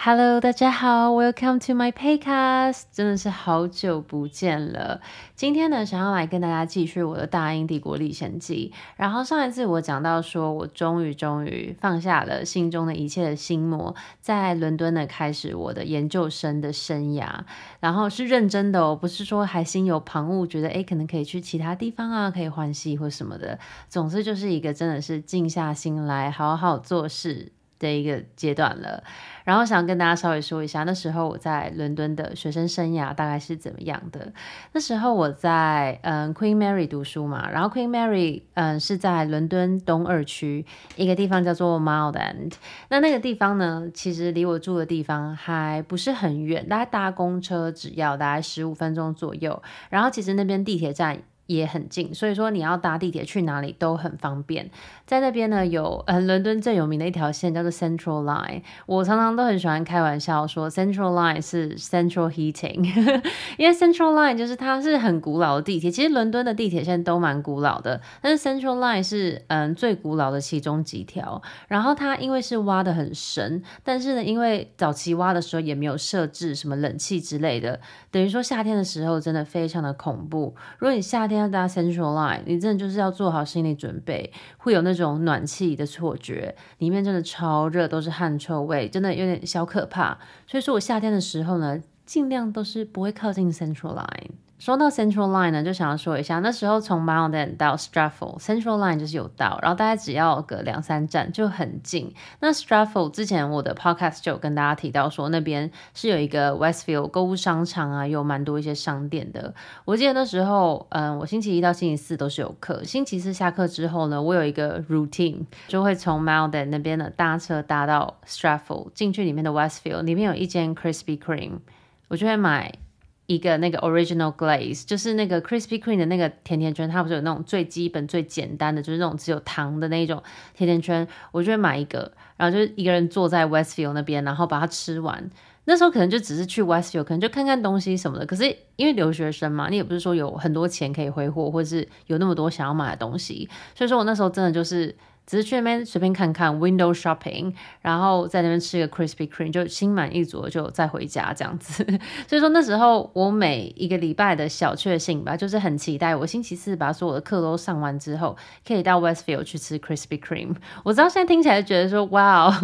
Hello，大家好，Welcome to my podcast。真的是好久不見了。今天呢，想要來跟大家繼續我的大英帝國歷險記。然後上一次我講到說，我終於終於放下了心中的一切的心魔，在倫敦的開始我的研究生的生涯。然後是認真的，哦，不是說還心有旁騖，覺得誒可能可以去其他地方啊，可以換系或什麼的。總之就是一個真的是靜下心來，好好做事。的一個階段了，然後想跟大家稍微說一下，那時候我在倫敦的學生生涯大概是怎麼樣的。那時候我在嗯 Queen Mary 讀書嘛，然後 Queen Mary 嗯是在倫敦東二區一個地方叫做 Mile End，那那個地方呢，其實離我住的地方還不是很遠，大概搭公車只要大概十五分鐘左右，然後其實那邊地鐵站也很近，所以說你要搭地鐵去哪裡都很方便。在那邊呢，有嗯、呃、倫敦最有名的一條線叫做 Central Line。我常常都很喜歡開玩笑說 Central Line 是 Central Heating， 因為 Central Line 就是它是很古老的地鐵。其實倫敦的地鐵線都蠻古老的，但是 Central Line 是嗯、呃、最古老的其中幾條。然後它因為是挖的很深，但是呢，因為早期挖的時候也沒有設置什麼冷氣之類的，等於說夏天的時候真的非常的恐怖。如果你夏天要大家 c e n t r a l i n e，你真的就是要做好心理準備，會有那種暖氣的錯覺，裡面真的超熱，都是汗臭味，真的有點小可怕。所以說我夏天的時候呢，盡量都是不會靠近 Central Line。說到 Central Line 呢，就想要說一下，那時候從 Mile End 到 Stratford，Central Line 就是有到，然後大概只要個兩三站就很近。那 Stratford 之前我的 podcast 就有跟大家提到說，那邊是有一個 Westfield 購物商場啊，有蠻多一些商店的。我記得那時候，嗯，我星期一到星期四都是有課，星期四下課之後呢，我有一個 routine 就會從 Mile End 那邊的搭車搭到 Stratford，進去裡面的 Westfield，裡面有一間 Krispy Kreme 我就會買一個那個 original glaze，就是那個 Krispy Kreme 的那個甜甜圈，它不是有那種最基本、最簡單的，就是那種只有糖的那種甜甜圈，我就會買一個，然後就一個人坐在 Westfield 那邊，然後把它吃完。那時候可能就只是去 Westfield，可能就看看東西什麼的。可是因為留學生嘛，你也不是說有很多錢可以揮霍，或者是有那麼多想要買的東西，所以說我那時候真的就是只是去那邊隨便看看 window shopping，然後在那邊吃個 cream, 就新一個 c r i s p y c r e m，就心滿意足，就再回家這樣子。所以說那時候我每一個禮拜的小確幸吧，就是很期待我星期四把所有的課都上完之後，可以到 Westfield 去吃 c r i s p y c r e m 我知道現在聽起來就覺得說哇，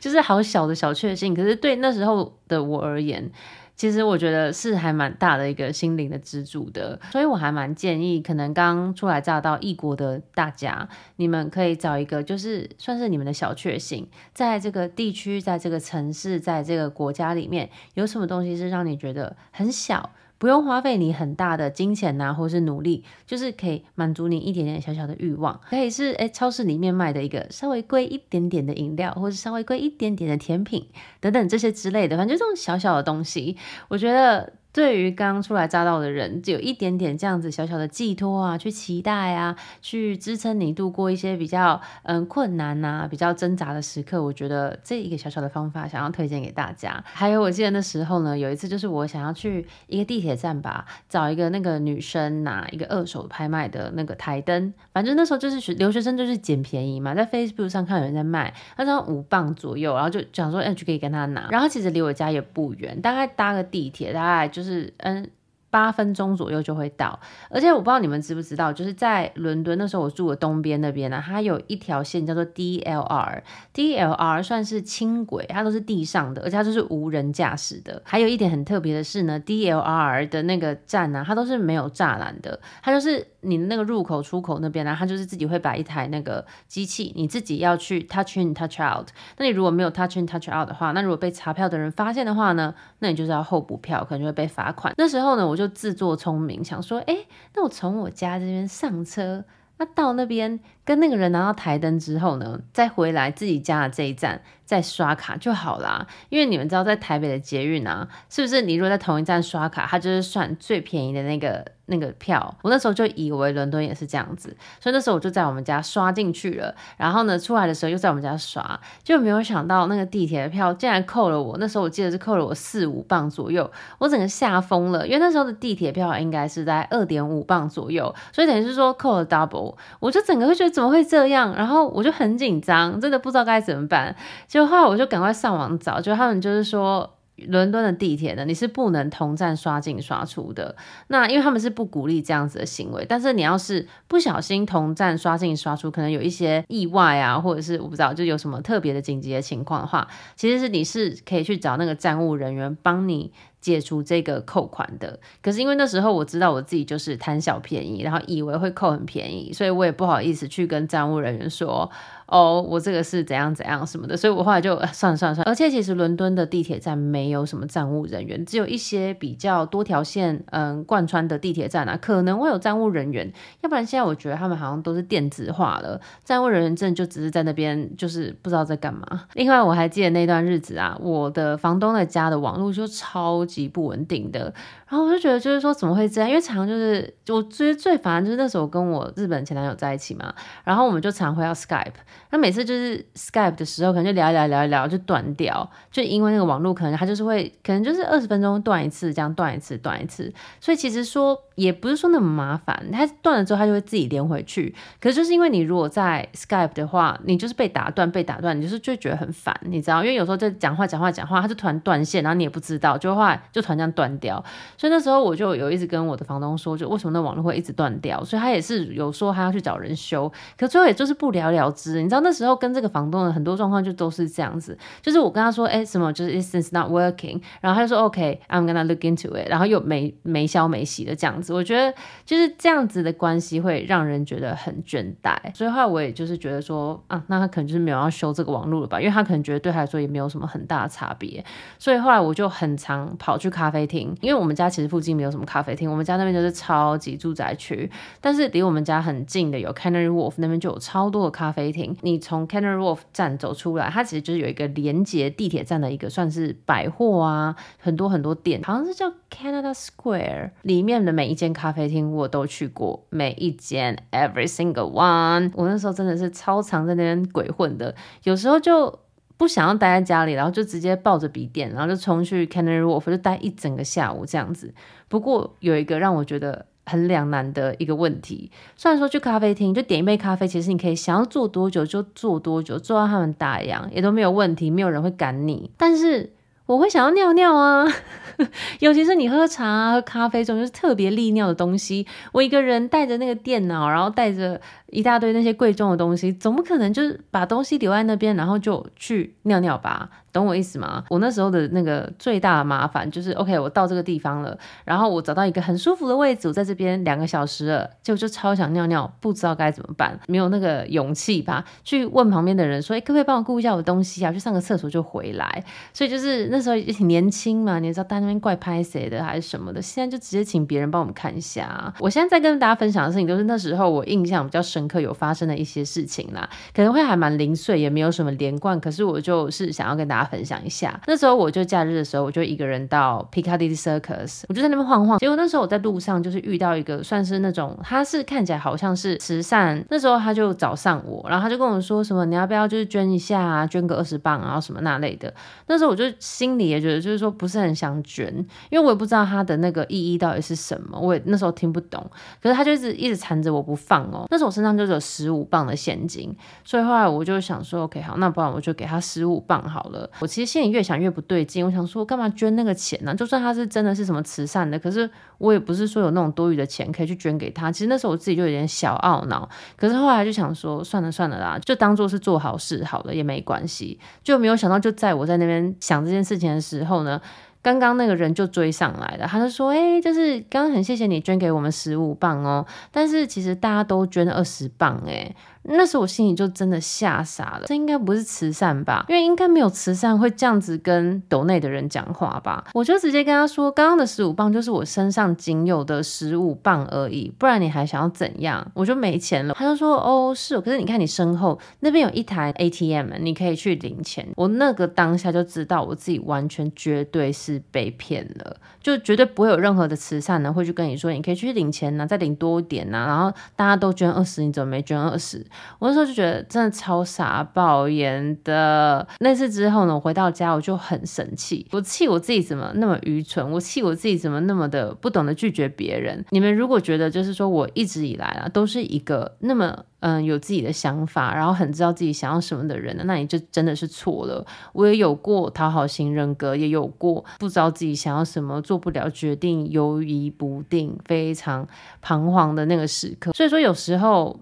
就是好小的小確幸，可是對那時候。的我而言，其實我覺得是還蠻大的一個心靈的支柱的，所以我還蠻建議，可能剛初來乍到異國的大家，你們可以找一個，就是算是你們的小確幸，在這個地區，在這個城市，在這個國家裡面，有什麼東西是讓你覺得很小。不用花費你很大的金錢吶、啊，或是努力，就是可以滿足你一點點小小的慾望，可以是哎、欸，超市裡面賣的一個稍微貴一點點的飲料，或是稍微貴一點點的甜品等等這些之類的，反正就這種小小的東西，我覺得。對於剛出來乍到的人，就有一點點這樣子小小的寄托啊，去期待啊，去支撐你度過一些比較嗯困難吶、啊，比較掙扎的時刻。我覺得這一個小小的方法，想要推薦給大家。還有我記得那時候呢，有一次就是我想要去一個地鐵站吧，找一個那個女生拿一個二手拍賣的那個檯燈，反正那時候就是留學生就是撿便宜嘛，在 Facebook 上看有人在賣，他說五磅左右，然後就講說哎，就可以跟他拿。然後其實離我家也不遠，大概搭個地鐵，大概就是。是嗯，八分鐘左右就會到，而且我不知道你們知不知道，就是在倫敦那時候我住的東邊那邊呢、啊，它有一條線叫做 D L R，D L R 算是輕軌，它都是地上的，而且它就是無人駕駛的。還有一點很特別的是呢，D L R 的那個站呢、啊，它都是沒有柵欄的，它就是。你那個入口出口那邊呢、啊，他就是自己會擺一台那個機器，你自己要去 touch in touch out。那你如果沒有 touch in touch out 的話，那如果被查票的人發現的話呢，那你就是要候補票，可能就會被罰款。那時候呢，我就自作聰明想說，哎、欸，那我從我家這邊上車，那到那邊。跟那個人拿到台燈之後呢，再回來自己家的這一站再刷卡就好啦。因為你們知道，在台北的捷運啊，是不是？你如果在同一站刷卡，它就是算最便宜的那個那個票。我那時候就以為倫敦也是這樣子，所以那時候我就在我們家刷進去了。然後呢，出來的時候又在我們家刷，就沒有想到那個地鐵的票竟然扣了我。那時候我記得是扣了我四五磅左右，我整個嚇瘋了，因為那時候的地鐵票應該是在二點五磅左右，所以等於是說扣了 double，我就整個會覺得。怎麼會這樣？然後我就很緊張，真的不知道該怎麼辦。就後來我就趕快上網找，就他們就是說，倫敦的地鐵呢，你是不能同站刷進刷出的。那因為他們是不鼓勵這樣子的行為，但是你要是不小心同站刷進刷出，可能有一些意外啊，或者是我不知道，就有什麼特別的緊急的情況的話，其實是你是可以去找那個站務人員幫你解除這個扣款的，可是因為那時候我知道我自己就是貪小便宜，然後以為會扣很便宜，所以我也不好意思去跟站務人員說，哦，我這個是怎樣怎樣什麼的，所以我後來就算了算了算了。而且其實倫敦的地鐵站沒有什麼站務人員，只有一些比較多條線嗯貫穿的地鐵站啊，可能會有站務人員，要不然現在我覺得他們好像都是電子化了，站務人員真的就只是在那邊，就是不知道在幹嘛。另外我還記得那段日子啊，我的房東的家的網絡就超級。極不穩定的。然後我就覺得，就是說怎麼會這樣？因為常就是，我覺得最煩的就是那時候跟我日本前男友在一起嘛，然後我們就常會要 Skype。那每次就是 Skype 的時候，可能就聊一聊，聊一聊就斷掉，就因為那個網絡可能他就是會，可能就是二十分鐘斷一次，這樣斷一次，斷一次。所以其實說也不是說那麼麻煩，他斷了之後他就會自己連回去。可是就是因為你如果在 Skype 的話，你就是被打斷，被打斷，你就是就會覺得很煩，你知道？因為有時候就講話講話講話，他就突然斷線，然後你也不知道，就話就突然這樣斷掉。所以那時候我就有一直跟我的房東說，就為什麼那網絡會一直斷掉？所以他也是有說他要去找人修，可最後也就是不了了之。你知道那時候跟這個房東的很多狀況就都是這樣子，就是我跟他說，哎、欸，什麼就是 internet not working，然後他就說，OK，I'm gonna look into it，然後又沒沒消沒息的這樣子。我覺得就是這樣子的關係會讓人覺得很倦怠。所以後來我也就是覺得說，啊，那他可能就是沒有要修這個網絡了吧，因為他可能覺得對他來說也沒有什麼很大的差別。所以後來我就很常跑去咖啡廳，因為我們家。它其實附近沒有什麼咖啡廳，我們家那邊就是超級住宅區。但是離我們家很近的有 Canary Wharf，那邊就有超多的咖啡廳。你從 Canary Wharf 站走出來，它其實就是有一個連接地鐵站的一個算是百貨啊，很多很多店，好像是叫 Canada Square。裡面的每一間咖啡廳我都去過，每一間 every single one，我那時候真的是超常在那邊鬼混的，有時候就。不想要待在家裡，然後就直接抱着筆電，然後就衝去 Canary Wharf 就待一整個下午這樣子。不過有一個讓我覺得很兩難的一個問題，雖然說去咖啡廳就點一杯咖啡，其實你可以想要坐多久就坐多久，坐到他們打烊也都沒有問題，沒有人會趕你。但是。我會想要尿尿啊， 尤其是你喝茶、啊、喝咖啡，這種就是特別利尿的東西。我一個人帶着那個電腦，然後帶着一大堆那些貴重的東西，總不可能就是把東西留在那邊，然後就去尿尿吧？懂我意思嗎？我那時候的那個最大的麻煩就是，OK，我到這個地方了，然後我找到一個很舒服的位置，我在這邊兩個小時了，就就超想尿尿，不知道該怎麼辦，沒有那個勇氣吧，去問旁邊的人說，欸，可不可以幫我顧一下我的東西啊？我去上個廁所就回來。所以就是那時候也挺年輕嘛，你知道大家那邊怪拍誰的還是什麼的，現在就直接請別人幫我們看一下啊。我現在在跟大家分享的事情，就是那時候我印象比較深刻有發生的一些事情啦，可能會還蠻零碎，也沒有什麼連貫，可是我就是想要跟大家分享一下，那時候我就假日的時候，我就一個人到 Piccadilly Circus，我就在那邊晃晃。結果那時候我在路上，就是遇到一個算是那種，他是看起來好像是慈善。那時候他就找上我，然後他就跟我說什麼，你要不要就是捐一下啊，捐個二十磅啊什麼那類的。那時候我就心裡也覺得，就是說不是很想捐，因為我也不知道他的那個意義到底是什麼，我也那時候聽不懂。可是他就是一直纏着我不放哦。那時候我身上就有十五磅的現金，所以後來我就想說，OK，好，那不然我就給他十五磅好了。我其實心裡越想越不對勁，我想說，幹嘛捐那個錢呢？就算他是真的是什麼慈善的，可是我也不是說有那種多餘的錢可以去捐給他。其實那時候我自己就有點小懊惱，可是後來就想說，算了算了啦，就當做是做好事好了，也沒關係。就沒有想到，就在我在那邊想這件事情的時候呢，剛剛那個人就追上來了，他就說：“欸，就是剛剛很謝謝你捐給我們十五磅哦，但是其實大家都捐了二十磅欸。”那時我心裡就真的嚇傻了，這應該不是慈善吧？因為應該沒有慈善會這樣子跟抖內的人講話吧？我就直接跟他說：“剛剛的十五鎊就是我身上僅有的十五鎊而已，不然你還想要怎樣？我就沒錢了。”他就說：“哦，是，可是你看你身後那邊有一台 ATM，你可以去領錢。”我那個當下就知道我自己完全絕對是被騙了，就絕對不會有任何的慈善呢會去跟你說你可以去領錢吶、啊，再領多一點吶、啊，然後大家都捐二十，你怎麼沒捐二十？我那時候就覺得真的超傻爆眼的。那次之後呢，我回到家，我就很生氣，我氣我自己怎麼那麼愚蠢，我氣我自己怎麼那麼的不懂得拒絕別人。你們如果覺得就是說我一直以來啊都是一個那麼嗯，有自己的想法，然後很知道自己想要什麼的人啊，那你就真的是錯了。我也有過討好型人格，也有過不知道自己想要什麼、做不了決定、猶疑不定、非常彷徨的那個時刻。所以說有時候。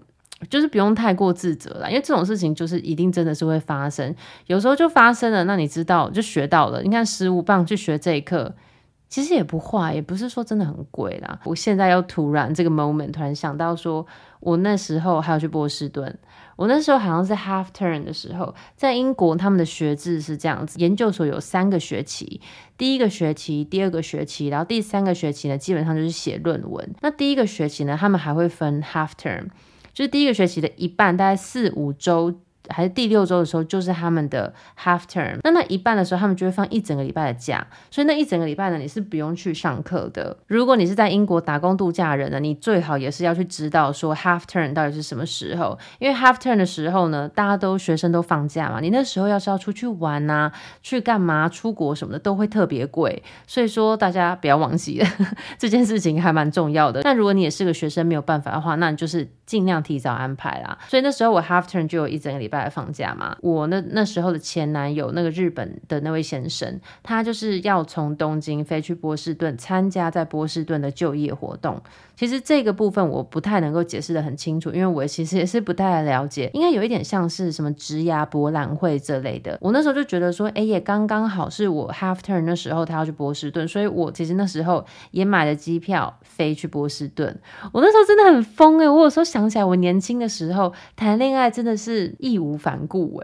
就是不用太過自責啦，因為這種事情就是一定真的是會發生，有時候就發生了，那你知道就學到了。你看十五鎊去學這一課，其實也不壞，也不是說真的很貴啦。我現在又突然這個 moment 突然想到說，我那時候還要去波士頓，我那時候好像是 half term 的時候，在英國他們的學制是這樣子，研究所有三個學期，第一個學期、第二個學期，然後第三個學期呢，基本上就是寫論文。那第一個學期呢，他們還會分 half term。就是第一個學期的一半，大概四五週，還是第六周的時候，就是他們的 half term。那那一半的時候，他們就會放一整個禮拜的假。所以那一整個禮拜呢，你是不用去上課的。如果你是在英國打工度假人呢，你最好也是要去知道說 half term 到底是什麼時候，因為 half term 的時候呢，大家都學生都放假嘛。你那時候要是要出去玩吶、啊，去幹嘛、出國什麼的，都會特別貴。所以說大家不要忘記了呵呵，這件事情，還蠻重要的。但如果你也是個學生，沒有辦法的話，那你就是儘量提早安排啦。所以那時候我 half term 就有一整個禮拜。來放假嘛？我那那時候的前男友，那個日本的那位先生，他就是要從東京飛去波士頓參加在波士頓的就業活動。其實這個部分我不太能夠解釋得很清楚，因為我其實也是不太了解，應該有一點像是什麼職涯博覽會這類的。我那時候就覺得說，哎，也剛剛好是我 half turn 的時候，他要去波士頓，所以我其實那時候也買了機票飛去波士頓。我那時候真的很瘋哎、欸！我有時候想起來，我年輕的時候談戀愛真的是意無反顧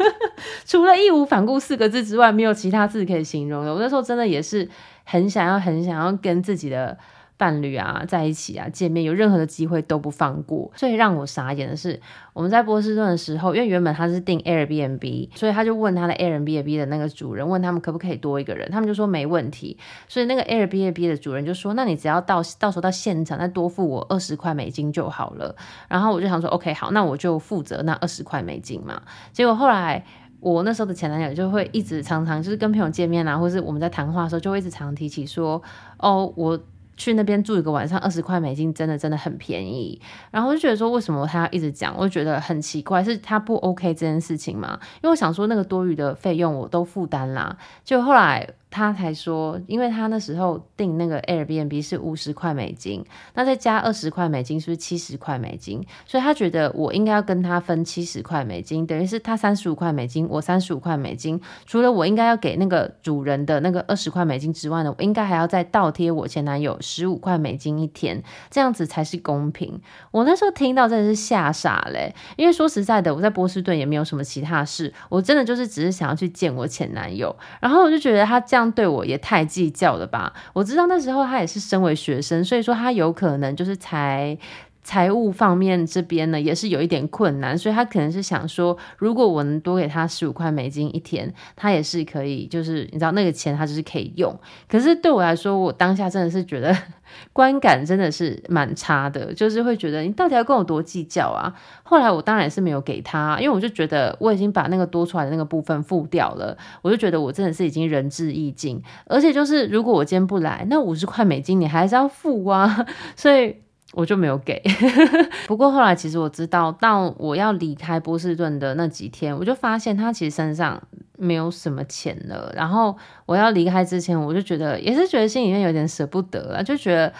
除了“義無反顧”四個字之外，沒有其他字可以形容的。我那時候真的也是很想要，很想要跟自己的。伴侶啊，在一起啊，見面有任何的機會都不放過。最讓我傻眼的是，我們在波士頓的時候，因為原本他是訂 Airbnb，所以他就問他的 Airbnb 的那個主人，問他們可不可以多一個人，他們就說沒問題。所以那個 Airbnb 的主人就說，那你只要到到時候到現場，再多付我二十塊美金就好了。然後我就想說，OK，好，那我就負責那二十塊美金嘛。結果後來我那時候的前男友就會一直常常就是跟朋友見面啊，或是我們在談話的時候，就會一直常常提起說，哦，我。去那邊住一個晚上，二十塊美金真的真的很便宜。然後我就覺得說，為什麼他要一直講？我就覺得很奇怪，是他不 OK 這件事情嘛。因為我想說，那個多餘的費用我都負擔啦。就後來。他才說，因為他那時候訂那個 Airbnb 是五十塊美金，那再加二十塊美金，是不是七十塊美金？所以他覺得我應該要跟他分七十塊美金，等於是他三十五塊美金，我三十五塊美金，除了我應該要給那個主人的那個二十塊美金之外呢，我應該還要再倒貼我前男友十五塊美金一天，這樣子才是公平。我那時候聽到真的是嚇傻嘞，因為說實在的，我在波士頓也沒有什麼其他事，我真的就是只是想要去見我前男友，然後我就覺得他這樣。對我也太計較了吧？我知道那時候他也是身為學生，所以說他有可能就是才。財務方面這邊呢，也是有一點困難，所以他可能是想說，如果我能多給他十五塊美金一天，他也是可以，就是你知道那個錢他就是可以用。可是對我來說，我當下真的是覺得 觀感真的是蠻差的，就是會覺得你到底要跟我多計較啊？後來我當然也是沒有給他，因為我就覺得我已經把那個多出來的那個部分付掉了，我就覺得我真的是已經仁至義盡，而且就是如果我今天不來，那五十塊美金你還是要付啊，所以。我就沒有給， 不過後來其實我知道，到我要離開波士頓的那幾天，我就發現他其實身上沒有什麼錢了。然後我要離開之前，我就覺得也是覺得心裡面有點捨不得啊，就覺得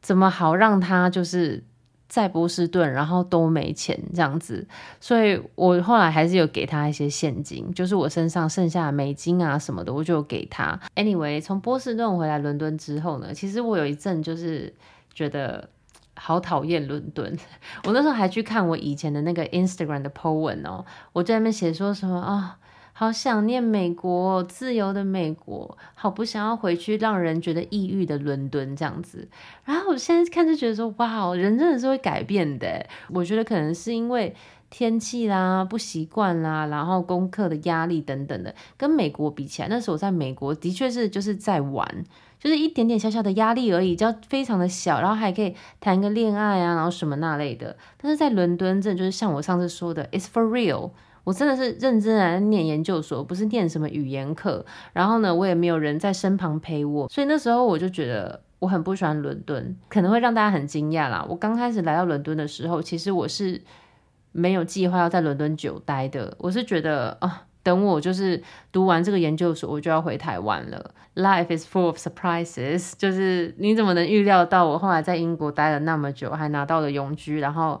怎麼好讓他就是在波士頓，然後都沒錢這樣子，所以我後來還是有給他一些現金，就是我身上剩下的美金啊什麼的，我就給他。Anyway，從波士頓回來倫敦之後呢，其實我有一陣就是覺得。好討厭倫敦，我那時候還去看我以前的那個 Instagram 的 po 文喔，我在那邊寫說什麼啊，哦，好想念美國，自由的美國，好不想要回去，讓人覺得抑鬱的倫敦這樣子。然後我現在看就覺得說，哇，人真的是會改變的欸。我覺得可能是因為。天氣啦，不習慣啦，然後功課的壓力等等的，跟美國比起來，那時候我在美國的確是就是在玩，就是一點點小小的壓力而已，就要非常的小，然後還可以談個戀愛啊，然後什麼那類的。但是在倫敦，真的就是像我上次說的，it's for real，我真的是認真來念研究所，不是念什麼語言課。然後呢，我也沒有人在身旁陪我，所以那時候我就覺得我很不喜歡倫敦，可能會讓大家很驚訝啦。我剛開始來到倫敦的時候，其實我是。沒有計劃要在倫敦久待的，我是覺得啊、哦，等我就是讀完這個研究所，我就要回臺灣了。Life is full of surprises，就是你怎麼能預料到我後來在英國待了那麼久，還拿到了永居，然後。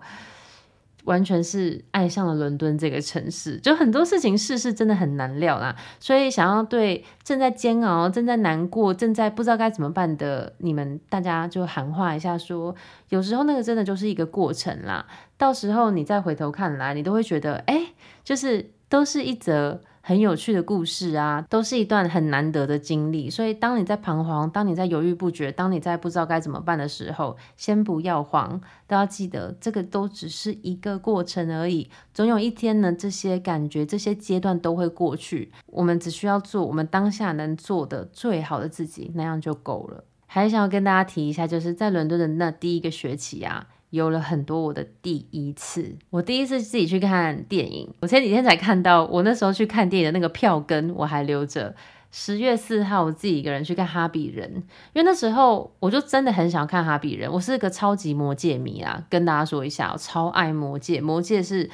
完全是愛上了倫敦這個城市，就很多事情世事真的很難料啦，所以想要對正在煎熬、正在難過、正在不知道該怎麼辦的你們大家，就喊話一下說，說有時候那個真的就是一個過程啦，到時候你再回頭看來，你都會覺得哎、欸，就是都是一則。很有趣的故事啊，都是一段很難得的經歷。所以，當你在彷徨，當你在猶豫不決，當你在不知道該怎麼辦的時候，先不要慌，都要記得，這個都只是一個過程而已。總有一天呢，這些感覺，這些階段都會過去。我們只需要做我們當下能做的最好的自己，那樣就夠了。還想要跟大家提一下，就是在倫敦的那第一個學期啊。有了很多我的第一次，我第一次自己去看電影，我前幾天才看到，我那時候去看電影的那個票根我還留着。十月四號，我自己一個人去看《哈比人》，因為那時候我就真的很想看《哈比人》，我是一個超級魔戒迷啊，跟大家說一下，我超愛魔戒，魔戒是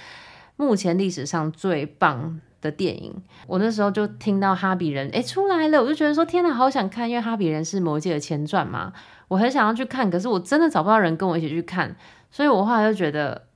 目前歷史上最棒的電影。我那時候就聽到《哈比人》哎出來了，我就覺得說天哪，好想看，因為《哈比人》是魔戒的前傳嘛。我很想要去看，可是我真的找不到人跟我一起去看，所以我後來就覺得，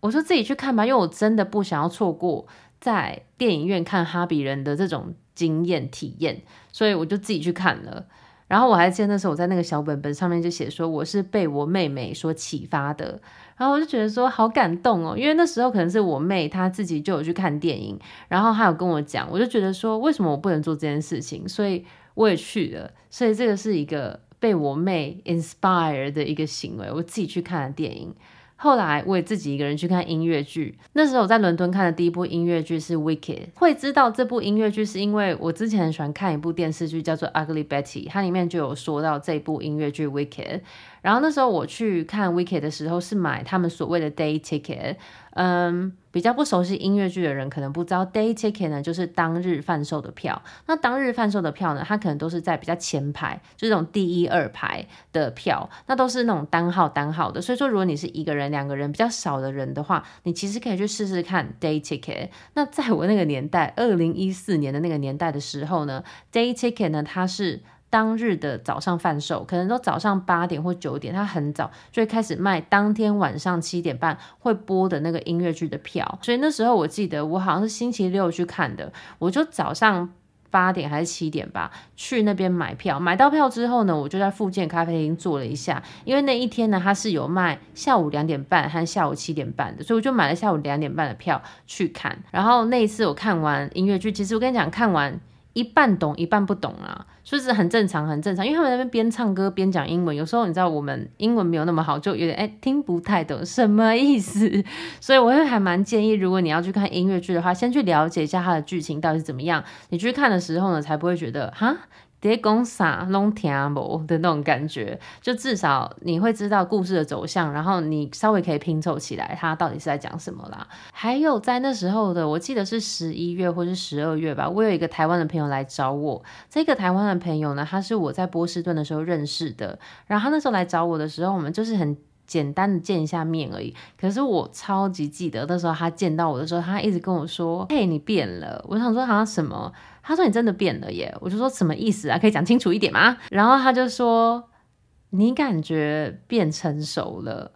我說自己去看吧，因為我真的不想要錯過在電影院看《哈比人》的這種經驗體驗，所以我就自己去看了。然後我還記得那時候我在那個小本本上面就寫說我是被我妹妹所啟發的，然後我就覺得說好感動哦、喔，因為那時候可能是我妹她自己就有去看電影，然後她有跟我講，我就覺得說，為什麼我不能做這件事情，所以我也去了，所以這個是一個。被我妹 inspire 的一個行為，我自己去看了電影。後來我也自己一個人去看音樂劇，那時候我在倫敦看的第一部音樂劇是 Wicked。會知道這部音樂劇是因為我之前很喜歡看一部電視劇叫做 Ugly Betty，它裡面就有說到這部音樂劇 Wicked。然後那時候我去看《Wicked》的時候是買他們所謂的 Day Ticket，嗯，比較不熟悉音樂劇的人可能不知道 Day Ticket 呢，就是當日販售的票。那當日販售的票呢，它可能都是在比較前排，就是這種第一二排的票，那都是那種單號單號的。所以說，如果你是一個人、兩個人比較少的人的話，你其實可以去試試看 Day Ticket。那在我那個年代，二零一四年的那個年代的時候呢，Day Ticket 呢，它是。當日的早上販售，可能都早上八點或九點，他很早就會開始賣當天晚上七點半會播的那個音樂劇的票，所以那時候我記得我好像是星期六去看的，我就早上八點還是七點吧去那邊買票。買到票之後呢，我就在附近咖啡廳坐了一下，因為那一天呢他是有賣下午兩點半和下午七點半的，所以我就買了下午兩點半的票去看。然後那一次我看完音樂劇，其實我跟你講，看完。一半懂一半不懂啊，所以是很正常，很正常，因為他們那邊邊唱歌邊講英文，有時候你知道我們英文沒有那麼好，就有點哎，聽不太懂什麼意思。所以我會還蠻建議，如果你要去看音樂劇的話，先去了解一下它的劇情到底是怎麼樣，你去看的時候呢，才不會覺得哈。在說什麼都聽不懂的那種感覺，就至少你會知道故事的走向，然後你稍微可以拼湊起來，他到底是在講什麼啦。還有在那時候的，我記得是十一月或是十二月吧，我有一個台灣的朋友來找我。這個台灣的朋友呢，他是我在波士頓的時候認識的。然後他那時候來找我的時候，我們就是很簡單的見一下面而已。可是我超級記得那時候他見到我的時候，他一直跟我說：“嘿，你變了。”我想說好像什麼。他說，你真的變了耶，我就說什麼意思啊？可以講清楚一點嗎？然後他就說，你感覺變成熟了，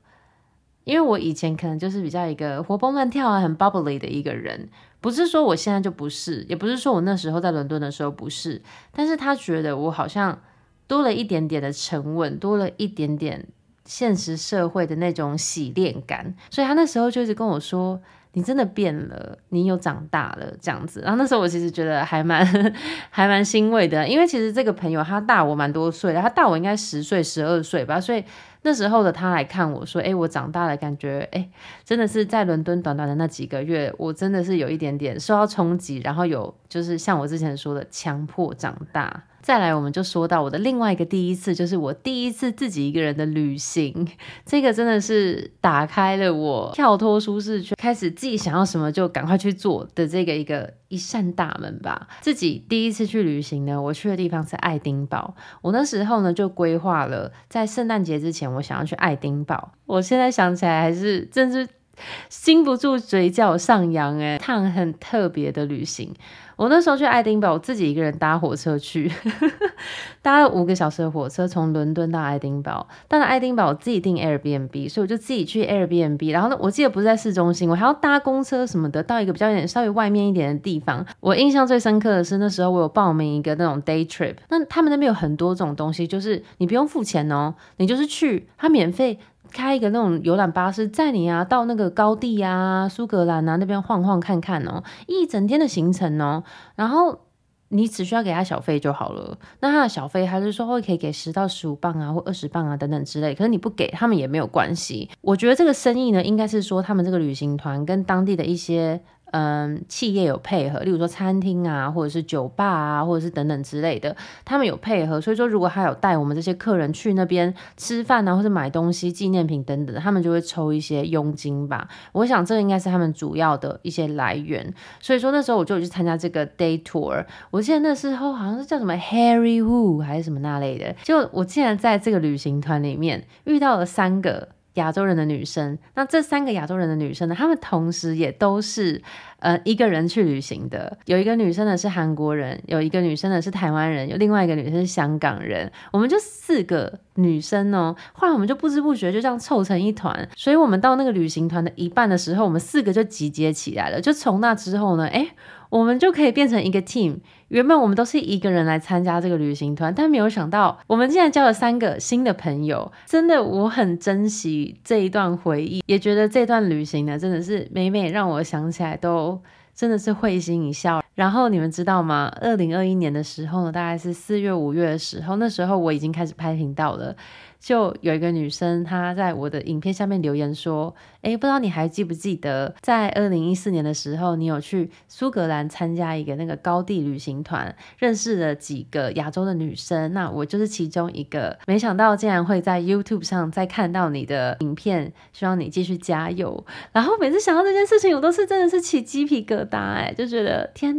因為我以前可能就是比較一個活蹦亂跳啊，很 bubbly 的一個人，不是說我現在就不是，也不是說我那時候在倫敦的時候不是，但是他覺得我好像多了一點點的沉穩，多了一點點現實社會的那種洗練感，所以他那時候就一直跟我說。你真的變了，你又長大了這樣子。然後那時候我其實覺得還蠻還蠻欣慰的，因為其實這個朋友他大我蠻多歲的，他大我應該十歲十二歲吧。所以那時候的他來看我說：“哎、欸，我長大了，感覺哎、欸，真的是在倫敦短短的那幾個月，我真的是有一點點受到衝擊，然後有就是像我之前說的強迫長大。”再來，我們就說到我的另外一個第一次，就是我第一次自己一個人的旅行。這個真的是打開了我跳脫舒適圈，開始自己想要什麼就趕快去做的這個一個一扇大門吧。自己第一次去旅行呢，我去的地方是愛丁堡。我那時候呢就規劃了，在聖誕節之前我想要去愛丁堡。我現在想起來還是真是禁不住嘴角上揚哎、欸，一趟很特別的旅行。我那時候去愛丁堡，我自己一個人搭火車去， 搭了五個小時的火車，從倫敦到愛丁堡。到了愛丁堡，我自己訂 Airbnb，所以我就自己去 Airbnb。然後呢，我記得不是在市中心，我還要搭公車什麼的，到一個比較稍微外面一點的地方。我印象最深刻的是那時候我有報名一個那種 day trip，那他們那邊有很多種東西，就是你不用付錢哦，你就是去，他免費。開一個那種遊覽巴士載你啊，到那個高地啊、蘇格蘭啊那邊晃晃看看哦，一整天的行程哦，然後你只需要給他小費就好了。那他的小費還是說會可以給十到十五磅啊，或二十磅啊等等之類，可是你不給他們也沒有關係。我覺得這個生意呢，應該是說他們這個旅行團跟當地的一些。嗯，企業有配合，例如說餐廳啊，或者是酒吧啊，或者是等等之類的，他們有配合。所以說，如果他有帶我們這些客人去那邊吃飯啊，或者是買東西、紀念品等等，他們就會抽一些佣金吧。我想這個應該是他們主要的一些來源。所以說那時候我就有去參加這個 day tour，我記得那時候好像是叫什麼 Harry Wu 還是什麼那類的，就我竟然在這個旅行團裡面遇到了三個。亞洲人的女生，那這三個亞洲人的女生呢，她們同時也都是。呃、嗯，一個人去旅行的，有一個女生呢是韓國人，有一個女生呢是台灣人，有另外一個女生是香港人，我們就四個女生呢、喔。後來我們就不知不覺就這樣湊成一團，所以我們到那個旅行團的一半的時候，我們四個就集結起來了。就從那之後呢，哎、欸，我們就可以變成一個 team。原本我們都是一個人來參加這個旅行團，但沒有想到我們竟然交了三個新的朋友。真的，我很珍惜這一段回憶，也覺得這段旅行呢，真的是每每讓我想起來都。真的是會心一笑。然後你們知道嗎？二零二一年的時候呢，大概是四月、五月的時候，那時候我已經開始拍頻道了。就有一個女生，她在我的影片下面留言說：“哎，不知道你還記不記得，在二零一四年的時候，你有去蘇格蘭參加一個那個高地旅行團，認識了幾個亞洲的女生。那我就是其中一個。沒想到竟然會在 YouTube 上再看到你的影片，希望你繼續加油。然後每次想到這件事情，我都是真的是起雞皮疙瘩、欸，哎，就覺得天。”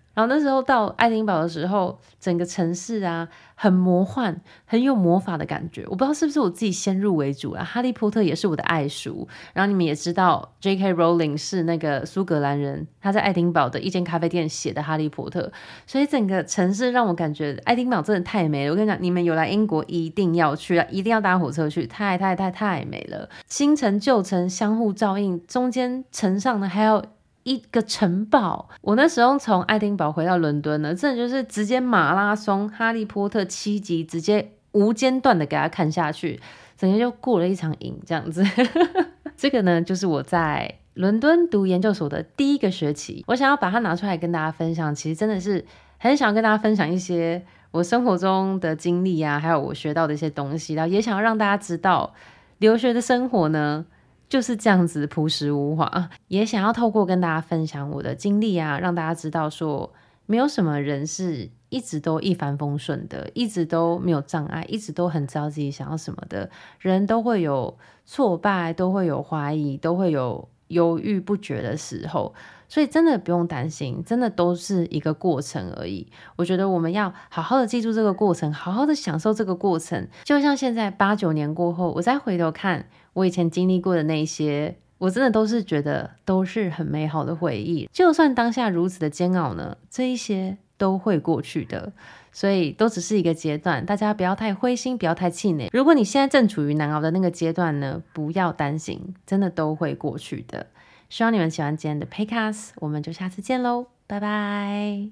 然後那時候到愛丁堡的時候，整個城市啊很魔幻，很有魔法的感覺。我不知道是不是我自己先入為主啊，《哈利波特》也是我的愛書。然後你們也知道，J.K. Rowling 是那個蘇格蘭人，他在愛丁堡的一間咖啡店寫的《哈利波特》。所以整個城市讓我感覺愛丁堡真的太美了。我跟你講，你們有來英國一定要去啊，一定要搭火車去，太太太太美了。新城舊城相互照應，中間城上呢，還有，一個城堡，我那時候從愛丁堡回到倫敦呢，真的就是直接馬拉松《哈利波特》七集，直接無間斷的給他看下去，整天就過了一場癮這樣子。 這個呢，就是我在倫敦讀研究所的第一個學期，我想要把它拿出來跟大家分享。其實真的是很想跟大家分享一些我生活中的經歷啊，還有我學到的一些東西，然後也想要讓大家知道留學的生活呢。就是這樣子樸實無華，也想要透過跟大家分享我的經歷啊，讓大家知道說，沒有什麼人是一直都一帆風順的，一直都沒有障礙，一直都很知道自己想要什麼的人，都會有挫敗，都會有懷疑，都會有猶豫不決的時候。所以真的不用擔心，真的都是一個過程而已。我覺得我們要好好的記住這個過程，好好的享受這個過程。就像現在八九年過後，我再回頭看。我以前經歷過的那些，我真的都是覺得都是很美好的回憶。就算當下如此的煎熬呢，這一些都會過去的，所以都只是一個階段。大家不要太灰心，不要太氣餒。如果你現在正處於難熬的那個階段呢，不要擔心，真的都會過去的。希望你們喜歡今天的 Podcast，我們就下次見嘍，拜拜。